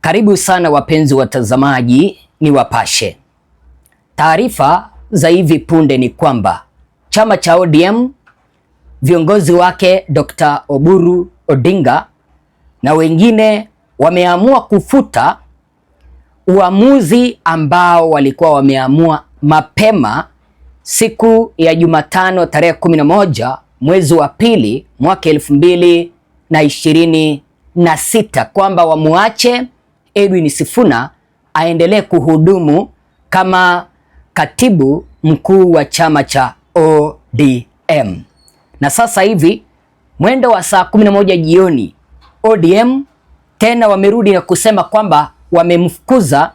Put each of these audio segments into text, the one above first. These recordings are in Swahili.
Karibu sana wapenzi watazamaji, ni Wapashe. Taarifa za hivi punde ni kwamba chama cha ODM viongozi wake Dr. Oburu Odinga na wengine wameamua kufuta uamuzi ambao walikuwa wameamua mapema siku ya Jumatano tarehe 11 mwezi wa pili mwaka elfu na sita kwamba wamuache Edwin Sifuna aendelee kuhudumu kama katibu mkuu wa chama cha ODM. Na sasa hivi mwendo wa saa 11 jioni ODM tena wamerudi na kusema kwamba wamemfukuza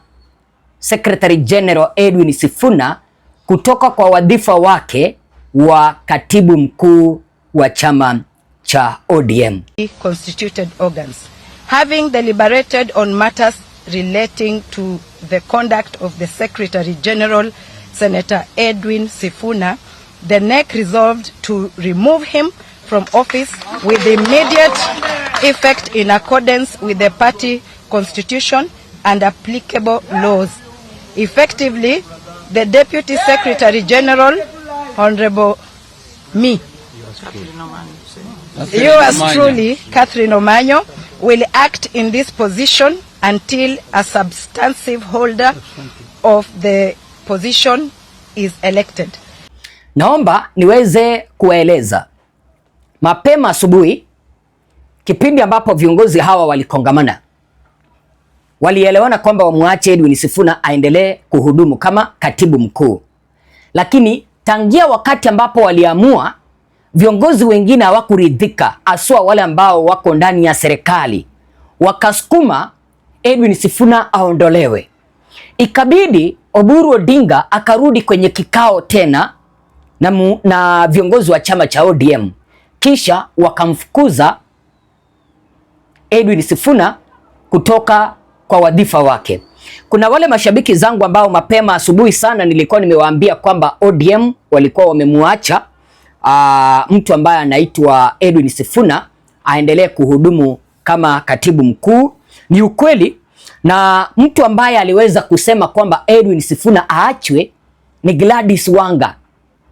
Secretary General Edwin Sifuna kutoka kwa wadhifa wake wa katibu mkuu wa chama cha ODM. Constituted organs. having deliberated on matters relating to the conduct of the Secretary General, Senator Edwin Sifuna, the NEC resolved to remove him from office with immediate effect in accordance with the party constitution and applicable laws. Effectively, the Deputy Secretary General, Honorable me, yours truly, Catherine Omanyo, will act in this position until a substantive holder of the position is elected. Naomba niweze kuwaeleza mapema asubuhi, kipindi ambapo viongozi hawa walikongamana, walielewana kwamba wamwache Edwin Sifuna aendelee kuhudumu kama katibu mkuu, lakini tangia wakati ambapo waliamua viongozi wengine hawakuridhika, aswa wale ambao wako ndani ya serikali, wakasukuma Edwin Sifuna aondolewe. Ikabidi Oburu Odinga akarudi kwenye kikao tena na, mu, na viongozi wa chama cha ODM, kisha wakamfukuza Edwin Sifuna kutoka kwa wadhifa wake. Kuna wale mashabiki zangu ambao mapema asubuhi sana nilikuwa nimewaambia kwamba ODM walikuwa wamemuacha uh, mtu ambaye anaitwa Edwin Sifuna aendelee kuhudumu kama katibu mkuu. Ni ukweli, na mtu ambaye aliweza kusema kwamba Edwin Sifuna aachwe ni Gladys Wanga.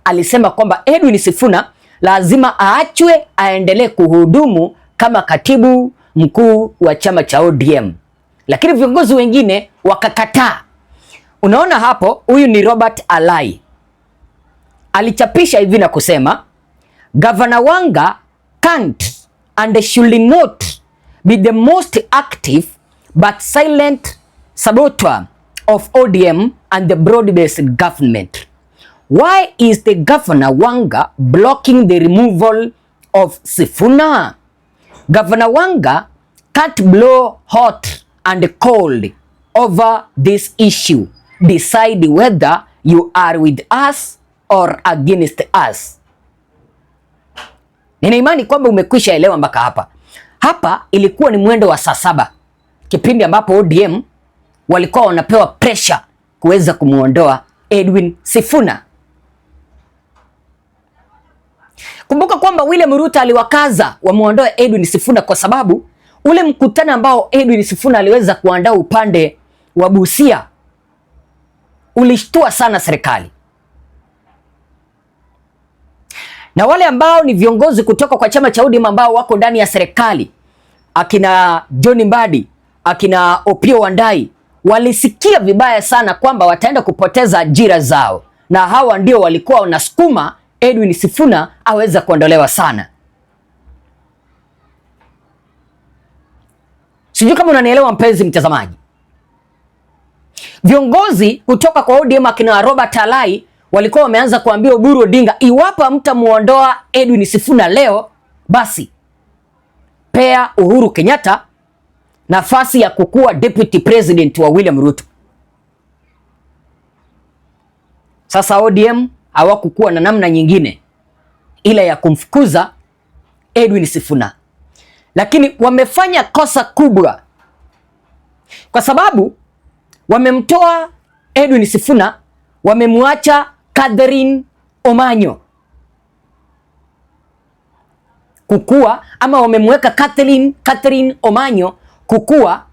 Alisema kwamba Edwin Sifuna lazima aachwe, aendelee kuhudumu kama katibu mkuu wa chama cha ODM, lakini viongozi wengine wakakataa. Unaona hapo, huyu ni Robert Alai alichapisha hivi na kusema Gavana Wanga can't and should not be the most active but silent saboteur of ODM and the broad-based government. Why is the Governor Wanga blocking the removal of Sifuna? Governor Wanga can't blow hot and cold over this issue. Decide whether you are with us or against us. Nina imani kwamba umekwisha elewa mpaka hapa. Hapa ilikuwa ni mwendo wa saa saba, kipindi ambapo ODM walikuwa wanapewa pressure kuweza kumwondoa Edwin Sifuna. Kumbuka kwamba William Ruto aliwakaza wamwondoe Edwin Sifuna kwa sababu ule mkutano ambao Edwin Sifuna aliweza kuandaa upande wa Busia ulishtua sana serikali. na wale ambao ni viongozi kutoka kwa chama cha ODM ambao wako ndani ya serikali, akina John Mbadi, akina opio Wandai walisikia vibaya sana kwamba wataenda kupoteza ajira zao, na hawa ndio walikuwa wanasukuma Edwin Sifuna aweza kuondolewa sana. Sijui kama unanielewa mpenzi mtazamaji. Viongozi kutoka kwa ODM akina Robert Alai walikuwa wameanza kuambia Oburu Odinga, iwapo mtamuondoa Edwin Sifuna leo, basi pea Uhuru Kenyatta nafasi ya kukuwa deputy president wa William Ruto. Sasa ODM hawakukuwa na namna nyingine ila ya kumfukuza Edwin Sifuna, lakini wamefanya kosa kubwa kwa sababu wamemtoa Edwin Sifuna, wamemwacha Catherine Omanyo kukua ama wamemweka Catherine, Catherine Omanyo kukua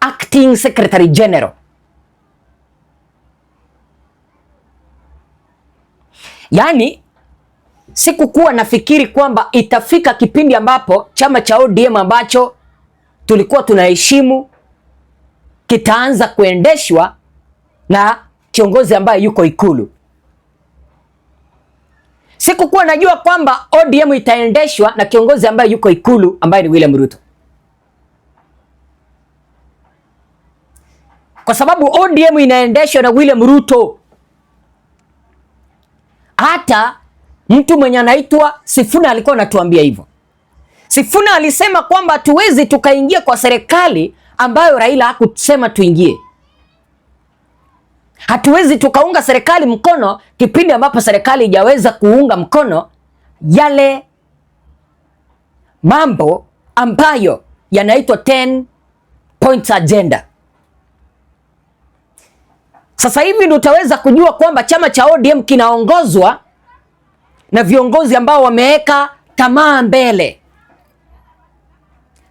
acting secretary general. Yaani sikukuwa nafikiri kwamba itafika kipindi ambapo chama cha ODM ambacho tulikuwa tunaheshimu kitaanza kuendeshwa na kiongozi ambaye yuko Ikulu. Sikukuwa najua kwamba ODM itaendeshwa na kiongozi ambaye yuko Ikulu ambaye ni William Ruto, kwa sababu ODM inaendeshwa na William Ruto. Hata mtu mwenye anaitwa Sifuna alikuwa anatuambia hivyo. Sifuna alisema kwamba hatuwezi tukaingia kwa serikali ambayo Raila hakusema tuingie. Hatuwezi tukaunga serikali mkono kipindi ambapo serikali haijaweza kuunga mkono yale mambo ambayo yanaitwa 10 points agenda. Sasa hivi ndio utaweza kujua kwamba chama cha ODM kinaongozwa na viongozi ambao wameweka tamaa mbele,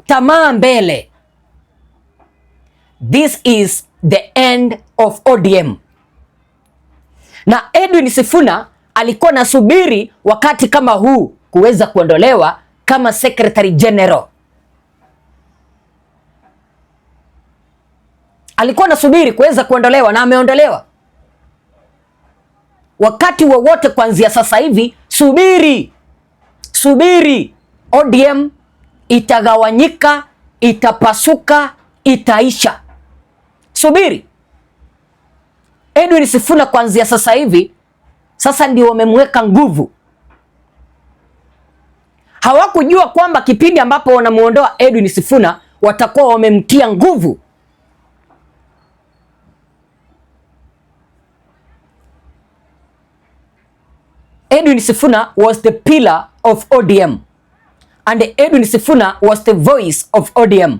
tamaa mbele. This is the end of ODM. Na Edwin Sifuna alikuwa nasubiri wakati kama huu kuweza kuondolewa kama Secretary General. Alikuwa nasubiri kuweza kuondolewa na ameondolewa. Wakati wowote kuanzia sasa hivi, subiri subiri, ODM itagawanyika, itapasuka, itaisha. Subiri. Edwin Sifuna kuanzia sasa hivi sasa ndio wamemweka nguvu. Hawakujua kwamba kipindi ambapo wanamuondoa Edwin Sifuna watakuwa wamemtia nguvu. Edwin Sifuna was the pillar of ODM and Edwin Sifuna was the voice of ODM.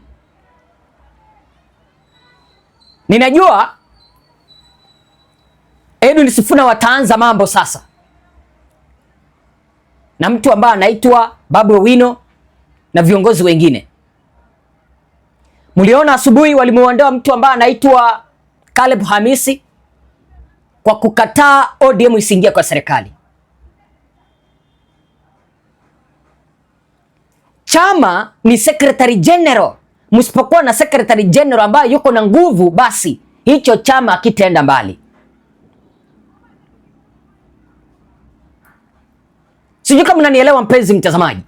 Ninajua Edwin Sifuna wataanza mambo sasa na mtu ambaye anaitwa Babu Owino na viongozi wengine. Mliona asubuhi walimuondoa mtu ambaye anaitwa Caleb Hamisi kwa kukataa ODM isiingia kwa serikali. Chama ni secretary general. Msipokuwa na secretary general ambaye yuko na nguvu, basi hicho chama kitaenda mbali. Sijui kama unanielewa mpenzi mtazamaji.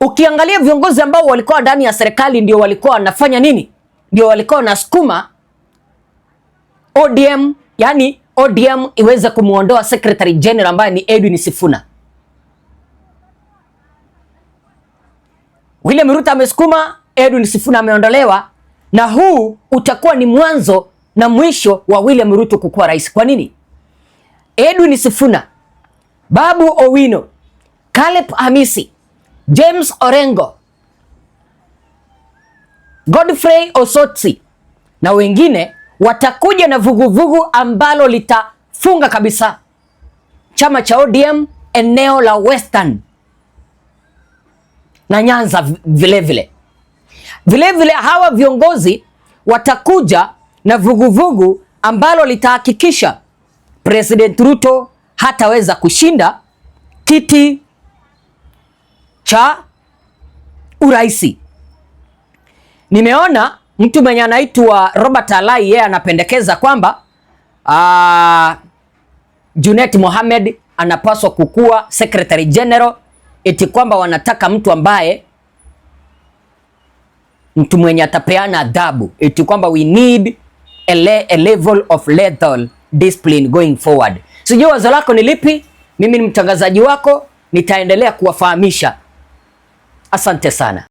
Ukiangalia viongozi ambao walikuwa ndani ya serikali ndio walikuwa wanafanya nini? Ndio walikuwa wanasukuma ODM, yani ODM iweze kumuondoa Secretary General ambaye ni Edwin Sifuna. William Ruto amesukuma, Edwin Sifuna ameondolewa na huu utakuwa ni mwanzo na mwisho wa William Ruto kukuwa rais. Kwa nini? Edwin Sifuna Babu Owino, Caleb Hamisi, James Orengo, Godfrey Osotsi na wengine watakuja na vuguvugu ambalo litafunga kabisa chama cha ODM eneo la Western na Nyanza vilevile vile. Vilevile hawa viongozi watakuja na vuguvugu ambalo litahakikisha President Ruto hataweza kushinda kiti cha uraisi. Nimeona mtu mwenye anaitwa Robert Alai yeye yeah, anapendekeza kwamba uh, Junet Mohamed anapaswa kukua Secretary General, eti kwamba wanataka mtu ambaye mtu mwenye atapeana adhabu, eti kwamba we need a, le, a level of lethal discipline going forward. Sijui wazo lako ni lipi. Mimi ni mtangazaji wako, nitaendelea kuwafahamisha. Asante sana.